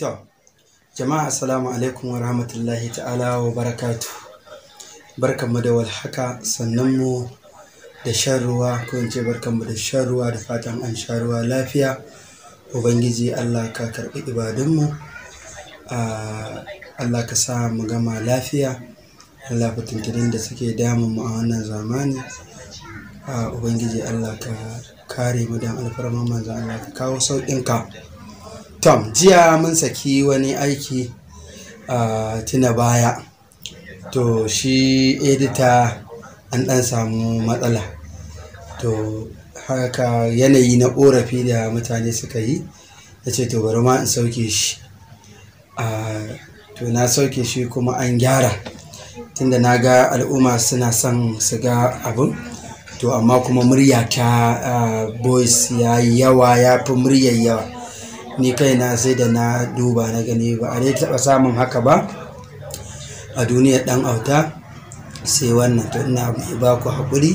To, jama'a assalamu alaikum wa rahmatullahi ta'ala wa barakatu. Barkanmu da walhaka sannanmu da shan ruwa ko in ce barkanmu da shan ruwa da fatan an sha ruwa lafiya. Ubangiji Allah ka karɓi ibadunmu. Allah ka sa mu gama lafiya. Allah fitintirin da suke damun mu a wannan zamani. Ubangiji Allah ka kare mu don alfarmar manzan Allah ka kawo sauƙinka. tom jiya mun saki wani aiki uh, tuna baya to shi edita an ɗan samu matsala to haka yanayi na korafi da mutane suka yi ya ce to bari ma in sauke shi to na sauke shi kuma an gyara tunda na ga al'umma suna son su ga abin to amma kuma murya ta boys ya yawa ya fi muryar yawa ni kaina sai da na duba na gani ba a dai taɓa samun haka ba a duniya ɗan auta sai wannan to ina mai ba ku haƙuri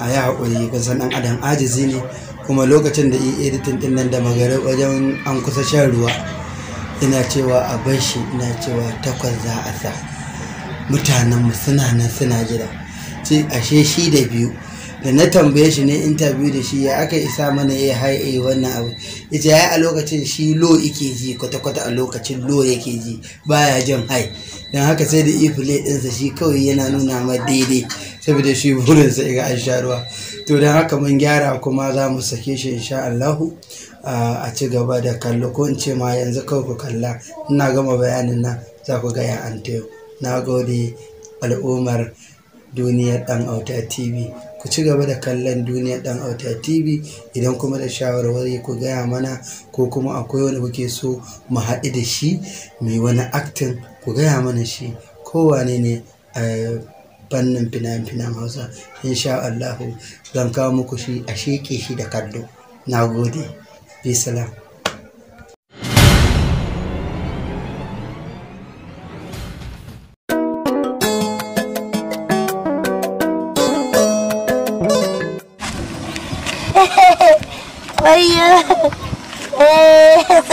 a yi haƙuri kun san ɗan adam ajizi ne kuma lokacin da yi editin ɗin nan da magare wajen an kusa shan ruwa ina cewa a bar shi ina cewa takwas za a sa mutanenmu suna nan suna jira ce ashe shi da biyu da na tambaye shi ne interview da shi ya aka isa mana ya hai a wannan abu ita ya a lokacin shi lo ike ji kwata-kwata a lokacin lo yake ji baya jin hai don haka sai da ifile ɗinsa shi kawai yana nuna ma daidai saboda shi burinsa ga an sha ruwa to don haka mun gyara kuma za mu sake shi insha Allahu a ci gaba da kallo ko in ce ma yanzu kawai ku kalla ina gama bayanin nan za ku ga ya an na gode al'ummar duniyar ɗan auta tv ku ci gaba da kallon duniya dan auta tv idan kuma da shawarwari ku gaya mana ko kuma akwai wani kuke so mu haɗu da shi mai wani aktin ku gaya mana shi kowane ne a fannin fina finan hausa insha allahu zan kawo muku shi a sheƙe shi da kallo na gode bisalam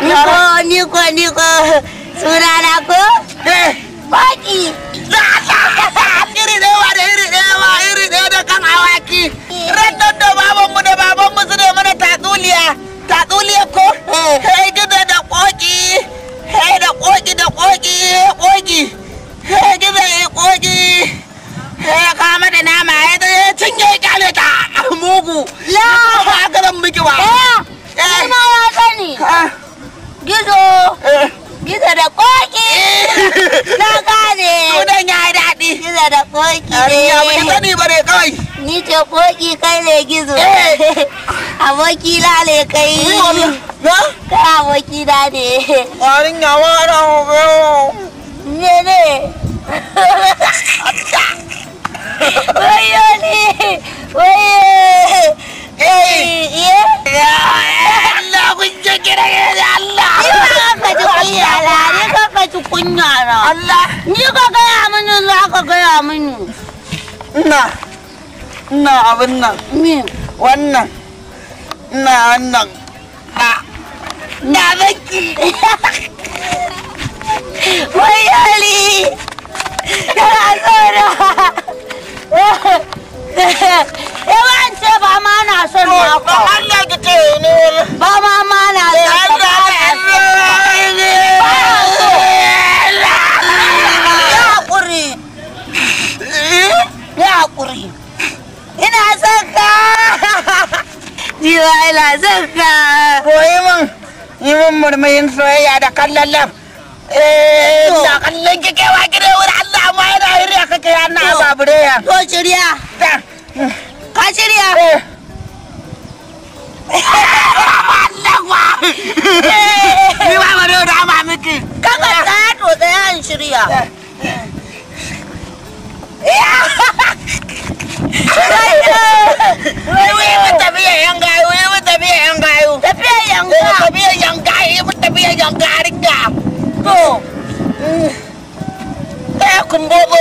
Niko, Niko, Niko. Suna na ko? Baki. Iri ɗaya da iri wa iri ɗaya da kan awaki. Rantar da mu da babanmu su ne mana tatsuliya. Tatsuliya ko? Hei eh. gida da koki. Hei da koki da koki. Koki. Hei gida ya koki. Hei kama da nama ya cinye kyale ta mugu. Ya. Haka ne kai ni ce koki kai ne gizo eh. aboki na ne kai na kai aboki na ne warin ya wara hoyo ne ne wayo ne wayo eh. Allah kun ce kira yanzu Allah. Ni ka ji kunya na, ni ka ka ji kunya na. Allah. Ni ka gaya mini, za ka gaya mini. Ina. ina abin nan wannan ina wannan na na baki wai yali kana tsoro yawa eh, an ce ba ma na son na ko Allah ki na ne ba ma ma na son ba ya hakuri eh? ya hakuri ina son jiwa ina son koyi min yi min murmuyin soyayya da kallon lab eh da kallon kike wa gida wurin Allah amma yana hirya kake ya na babure ya to shirya ka shirya eh. Eh. Ni ba ba da ma miki. Kan ka tsaya to tsaya in shirya. Wewe tabia ya ngai, wewe tabia ya ngai. Tabia ya ngai. Tabia ya ngai, wewe tabia ya ngai ka. Ko. Ta kumbogo.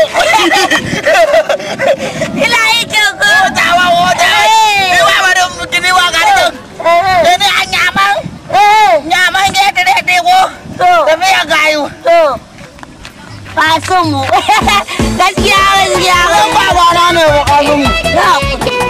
Ila ike ko tawa wote. Ewa bado mtini wa gari. Dede anyama. Nyama ngeke dede ko. Tabia ya ngai. Ko. Pasumu.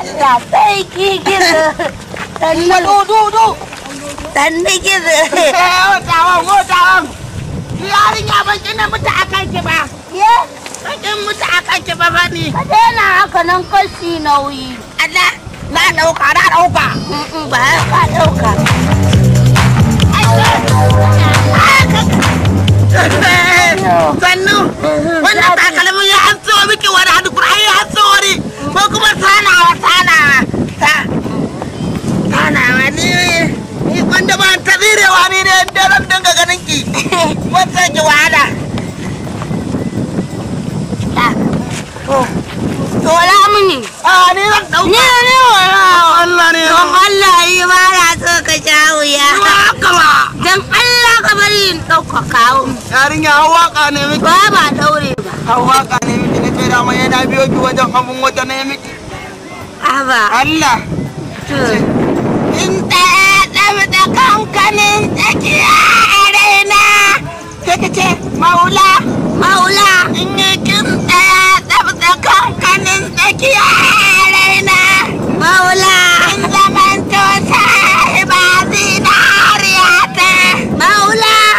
Allah wotawan. ya mutu a kanki Bakin mutu a kanki Ka daina na Ba ɗauka. an tsawo miki wani ko kuma sanawa sanawa sanawa ni ni wanda ba ta tsirewa ni ne da ran dinga ganin ki wata ki wahala to to la mini a ni yin ɗauka kawo. Yarinya hawa waka ne miki. Ba ba ɗaure ba. Hau waka ne miki na ce dama yana biyo ki wajen abun wata ne miki. Aba. Allah. In ɗaya ɗabi da kankanin tsakiya a raina. Ke ke ce maula. Maula. In yi kin ɗaya ɗabi da kankanin tsakiya a raina. Maula. In zamanto sahiba zinariya ta. Maula.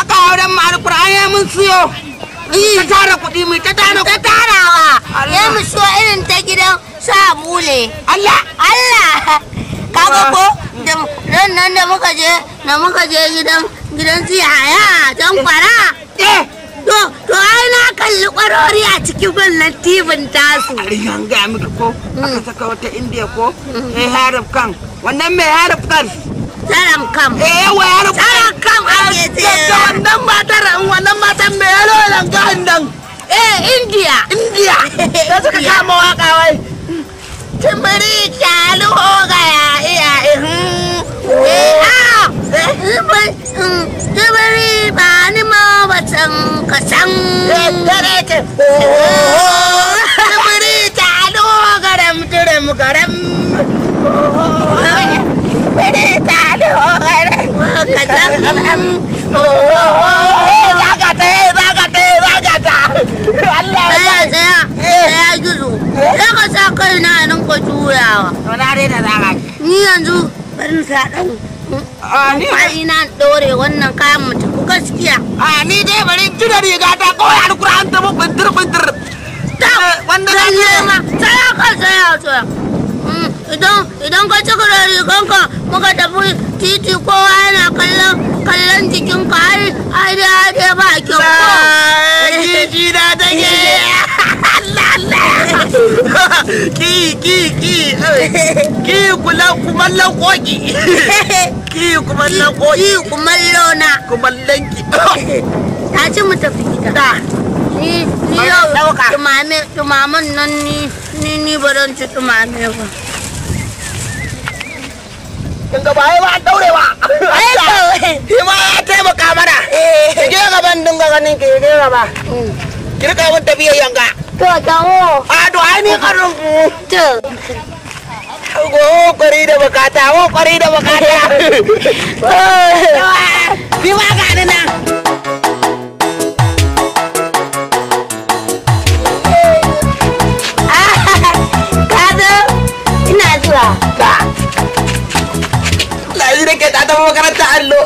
aka auren mu yi mun siyo yi tara kuɗi mu ta tara ta wa ya mu siyo irin ta gidan sa bule Allah Allah kaga ko ran nan da muka je na muka je gidan gidan tsiyaya can kwara eh to to ai na kalli kwarori a cikin wannan tibin tasu an ga miki ko mm. aka saka wata indiya ko eh harab kan wannan mai harab kan Tsaron kam. Eh wayar Tsaron kam ake ce. Da wannan matar wannan matar me yalo nan ga nan. Eh India. India. Da suka kama waka wai. Tumuri kalu ga ya iya eh. Hmm. Eh, oh. ah, eh hmm. Tumuri ba ni ma batan kasan. tare eh, ke. Oh. Tumuri kalu garam garam. Oh. Eh, zagata zagata ya tsaya ya ka sa na da ni yanzu bari sa dan Kwari ina dore wannan kayan mutu ku gaskiya. A ni dai bari ji da riga ta kawai alkur'an ta mu bintir bintir. Ta wanda zan yi ma. Tsaya ka tsaya tsaya. idan ka ci cikira riganka muka tafi titi kowa yana kallon kallon jikinka har har har ba kyau ko kiji eh. na ta ke ki ki ki eh. ki kula kumallon koki ki kumallon koki ki kumallo na kumallon ki ta ci mu tafi gida ta ni ni yau tumamin tumamin nan ni ni ni baran ci tumamin ba kin ga ba ba daurewa ai kawai shi ma ya taimaka mana eh kan? ki hmm. eh. ah, ban ini? ganin ki ki ga ba ki rika mun tafiya yanga to tawo a do ai ni karin to kokari da Ah, kokari da bukata taba makaranta allo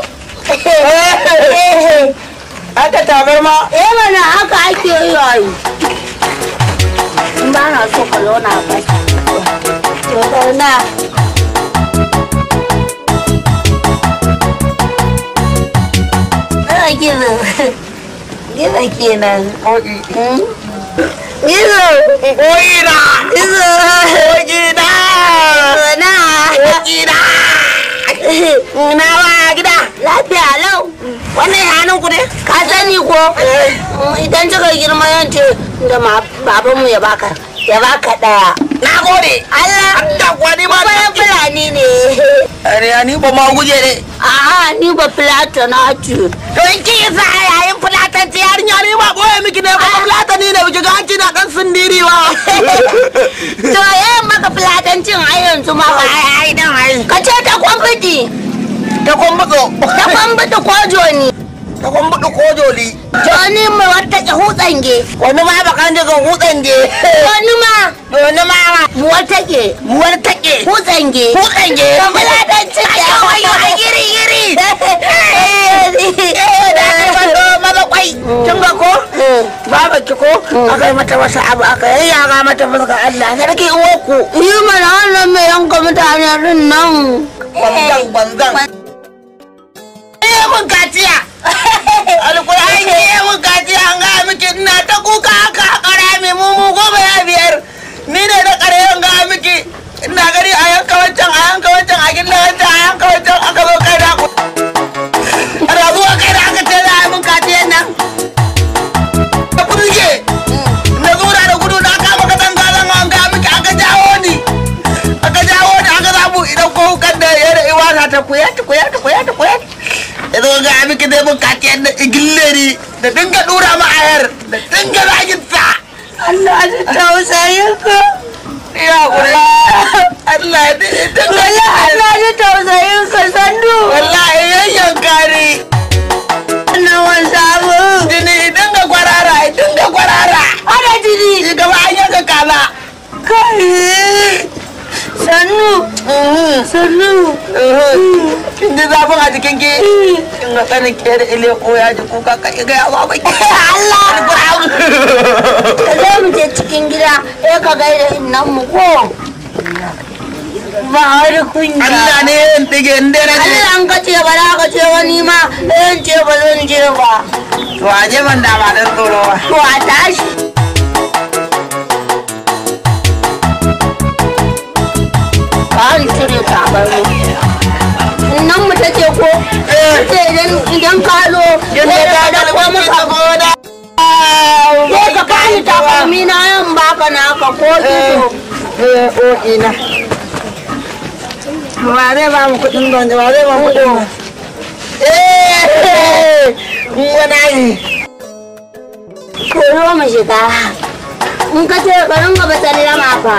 haka tabarma eh mana haka ake yi yayi in ba na so ka zauna a baki to zauna Gizo, gizo kenan. Gizo! Ogida! Gizo! Ogida! Ogida! Ogida! Eh, na ba gida lafiya lau wannan hannun ku ne ka sani ko eh. mm, idan kika girma yance da babanmu ya baka ya baka daya na gode Allah da gwani ma bayan fulani ne are ni ba ma guje ne a ni ba fulata na ci to ki za yayin fulata ce yarinya ni ba boye miki ne ba ah. fulata ni ne kika an na dan sindiri ba to eh maka fulatancin ai yanzu ma ba ai dan ai ka ce ta kwambiti ta kwambito ta kwambito ko joni. ta kwan buɗu ko joli. Joni mu wata ke hutsange. Wani ma ba kan daga hutsange. Joni ma. Joni ma ma. Mu ta ke. Mu wata ke. Hutsange. Hutsange. Kan bala dan ciki. Ayo ayo a giri giri. Kin ga ko? Mm. Baba ki ko? Mm. Aka yi mata wasu abu aka yayyaga mata fuska Allah sarki uwarku. Yi mana wannan mai yanka mutanen nan. Banzan banzan. Eh mun kaciya. alkur'ani ya bukaci an ga miki ina ta kuka haka hakara mai mumu goma ya biyar ni ne na kare an ga miki ina gari a yanka wancan a yanka wancan a gilla wancan a yanka wancan aka zo kai da ku rabuwa kai da aka ce za a mun kaciyan nan da kurje ta kuya ta yan na da dinga dura ma ayar da dinga zagin Allah ji tausayin ka ya kula Allah ya dinga wallahi Allah ji tausayin ka sandu wallahi yayyan kare wan sabu kwarara kwarara ana jini gaba an kai sannu eh. sannu eh. mm. kin a jikin mm. ki ya kuka ka ya baki Allah cikin gida ka da ba Allah ne in dige in Allah an ba za ka ce wani ma in ce ba zan je ba to aje ban da ba dan tsoro ba tashi fari cire tabarmu nan mu take ko ce eh. idan ka zo ne da da ko mu ka ko ka ta tabarmi na yan baka ka ko ido eh o ina ba ba mu kudin don ba ba mu kudin eh wani ne ko mu shiga in ka ce ka ringa ba sallama fa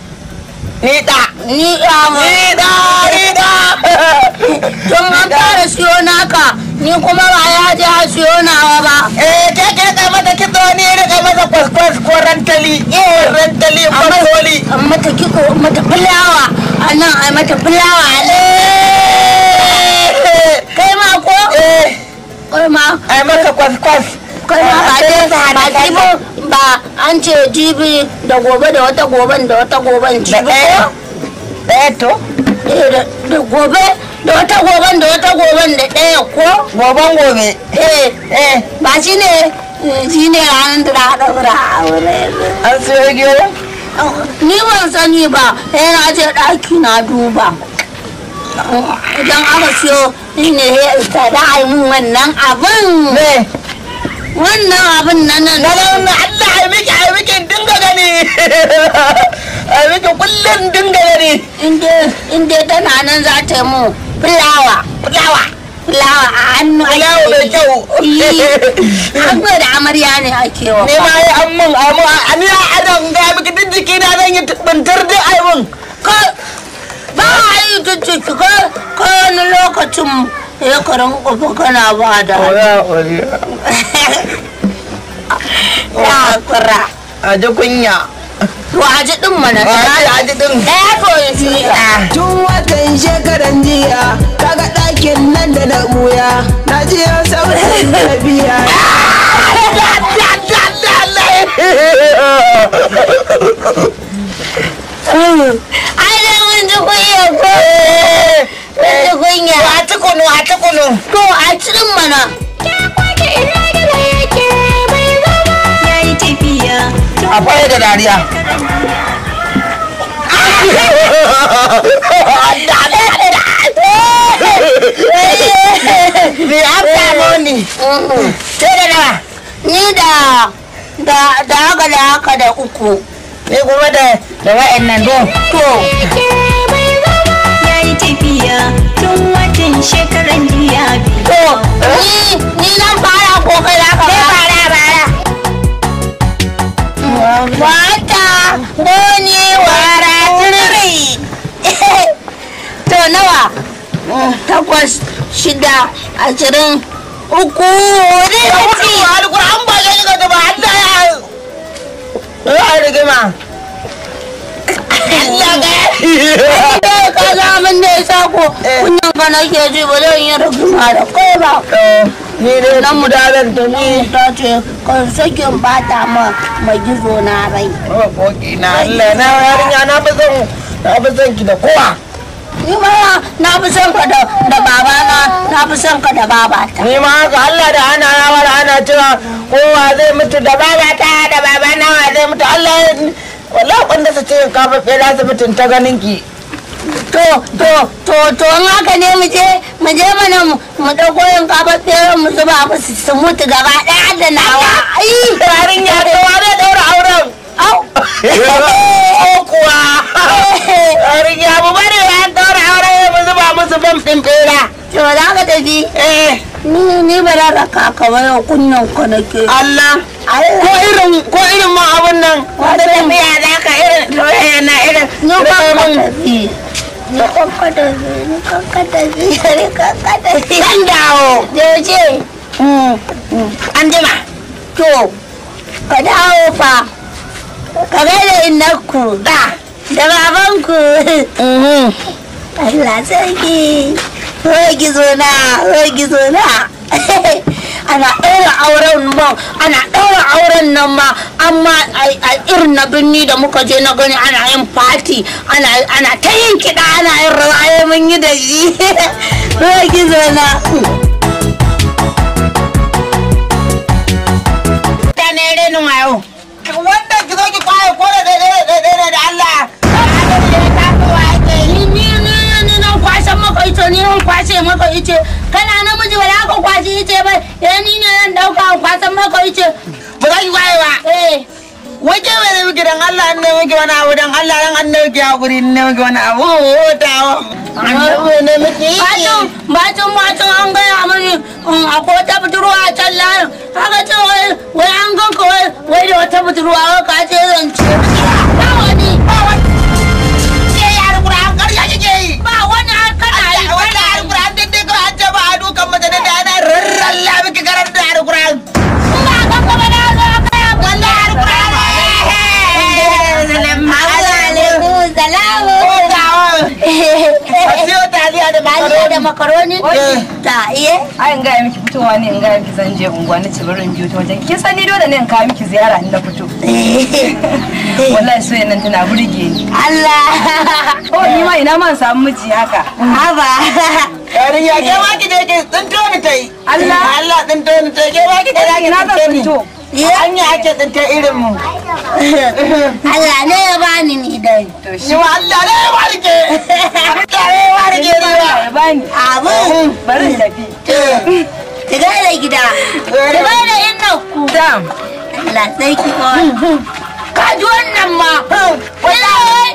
Ni Ni da! da! Ni da! Ni da! Don an fara siyo naka, ni kuma ba ya je a siyo nawa ba. Eh, ke ke ka mata kitso ni rika mata kwaskwas ko rantali. Eh, rantali kwaskwali. An mata kiko, mata fulawa. A nan a mata fulawa. Eh! Kai ma ko? Eh. Kai ma. Ai mata kwaskwas. kai ba dai ba jibi ba an ce jibi da gobe da wata goben da wata goben jibi ɗaya eh, eh, to eh, da gobe da wata goben da wata goben da ɗaya ko goben gobe eh ba shi ne shi ne ranar da aka ɗaura a wurin an siyo gero ni ban sani ba sai na je ɗaki na duba idan aka siyo ne ta da mun wannan abin wannan abin nan nan wannan Allah ai miki a miki dinga gani ai miki kullun dinga gani inde inde tana nan za ta yi mu fulawa fulawa fulawa a hannu ake fulawa mai kyau hannu eh, da amarya ne ake wa ne ma yi amin amma a ni a adam ga miki jiki na zan yi bantar duk ai ko ba a yi tuntun ko wani lokacin ya karan kofa kana ba da ya kura a ji kunya to a ji din mana a ji din eh to ah. tun watan shekaran jiya ga ɗakin nan da na buya na ji ya saurin biya ai da mun ji kunya ko eh. da a tukunu kunu a tukunu kunu to a cikin mana a fara da dariya Ni haka moni. Ce da nawa? Ni da da haka da haka da uku. kuma da da wa'annan don. To. biya tun watan shekaran biya biyu. ni nan fara kokari aka ba. fara bara. Wata goni wara turi. To nawa? Takwas shida ashirin uku hudu hudu alkur'an ba zai ga gaba Allah ya rigima. dai sako eh. kunyan ka nake ji ba zan yi rigima da kai ba eh. ni dai nan mu dalar da ni ta ce kan sakin bata ma magizo na rai boki oh, na Allah na yarinya na ba zan na ba zan ki da kowa ni ma na fi son ka da baba na na fi son ka da baba ta ni ma haka Allah da ana yawar ana cewa kowa zai mutu da baba ta da baba na zai mutu Allah wallahi kwanda su ce ka fa da su mutun ganin ki to to to to in haka ne mu je mu je mana mu dauko yin kafa tseren mu zuba musu su mutu gaba daya da nawa ai yarin ya to wa zai daura auren au ko eh, kuwa eh. yarin ya mu bari ya daura auren mu zuba musu bam din bera to za ka tafi eh ni ni ba da raka ka ba yau kunnan ka nake Allah ko irin ko irin ma abun nan wata tafiya da ka irin yana eh, irin ni ba ka tafi na kanka da zini kanka da zini kanka da zini dawo da an to ka dawo fa ka da Allah ana ɗaura auren man ana ɗaura auren nan ma amma a irin na birni da muka je na gani ana yin fati ana ta yin kiɗa ana yin rawaye mun yi da shi ruwa gizo na renin wayo. Wanda ki zo ki kwaye ko da daidai da Allah. Ni ni ni ni nan kwashe maka ito ni nan kwashe maka ito. kana namiji ba za ka kwashi ce ba idan eh, ni ne zan dauka kwasan maka ice ba za ki kwaye ba eh da muke don Allah an nemi ki wani abu don Allah an an nemi ki hakuri an nemi ki wani abu tawa. Bacin bacin an gaya mini mm, a ko ta budurwa a can layin haka ce an wai da wata budurwa ka ce Ba Allah miki karanta al'ƙur'an. Kuma ga ka ba na zo ka wallahi alquran salamu alaikum Wa Asiyo taliya da makaroni. da makaroni? Eh. Ta iye. Eh. Ai in gaya miki fitowa ne in gaya miki zan je unguwa na ci biyu ta wajen. Kin sani dole ne in kawo miki ziyara in na fito. Eh. Wallahi soyayya nan tana burge ni. Allah. Oh ni ma ina ma samu miji haka. Haba. Yarin ya ke baki da yake tsinto ni ta yi. Allah. Allah tsinto ta yi ke tsinto Hanya ake tsinta irin mu. Allah ne ya bani ni dai. Shi wa Allah ne ya bani ke. Allah ne ya bani ke ba. Bani. Abu. Bari in tafi. Ki ga da gida. Ki ga da inna ku. Dam. Allah sai ki ko. Ka ji wannan ma. Wallahi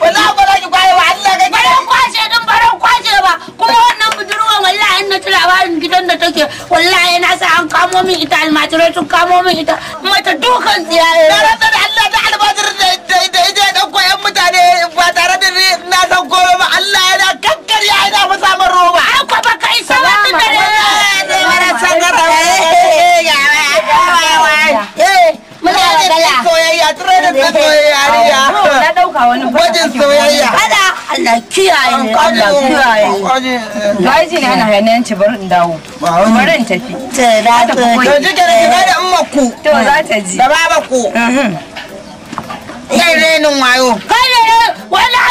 wala ba za ki kwaye ba Allah kai baran kwashe din baran kwashe ba kuma wannan budurwan wallahi in na ci labarin gidan da take wallahi na sa an kamo min ita almajirai sun kamo min ita mata dukan tsiyaye na rasa da Allah da almajir da da ita dan koyan mutane ba tare da na san gobe ba Allah yana kakkarya ina masa man roba ai ko kai sa wannan ne mara sangara eh, eh, eh, ya ya ya ya muna da soyayya tare da soyayya ɗauka wani gwajin soyayya kada Allah kiyaye ne Allah kiyaye bai ji ana hanan ci dawo bari tafi to da to da mhm. kai renin wayo kai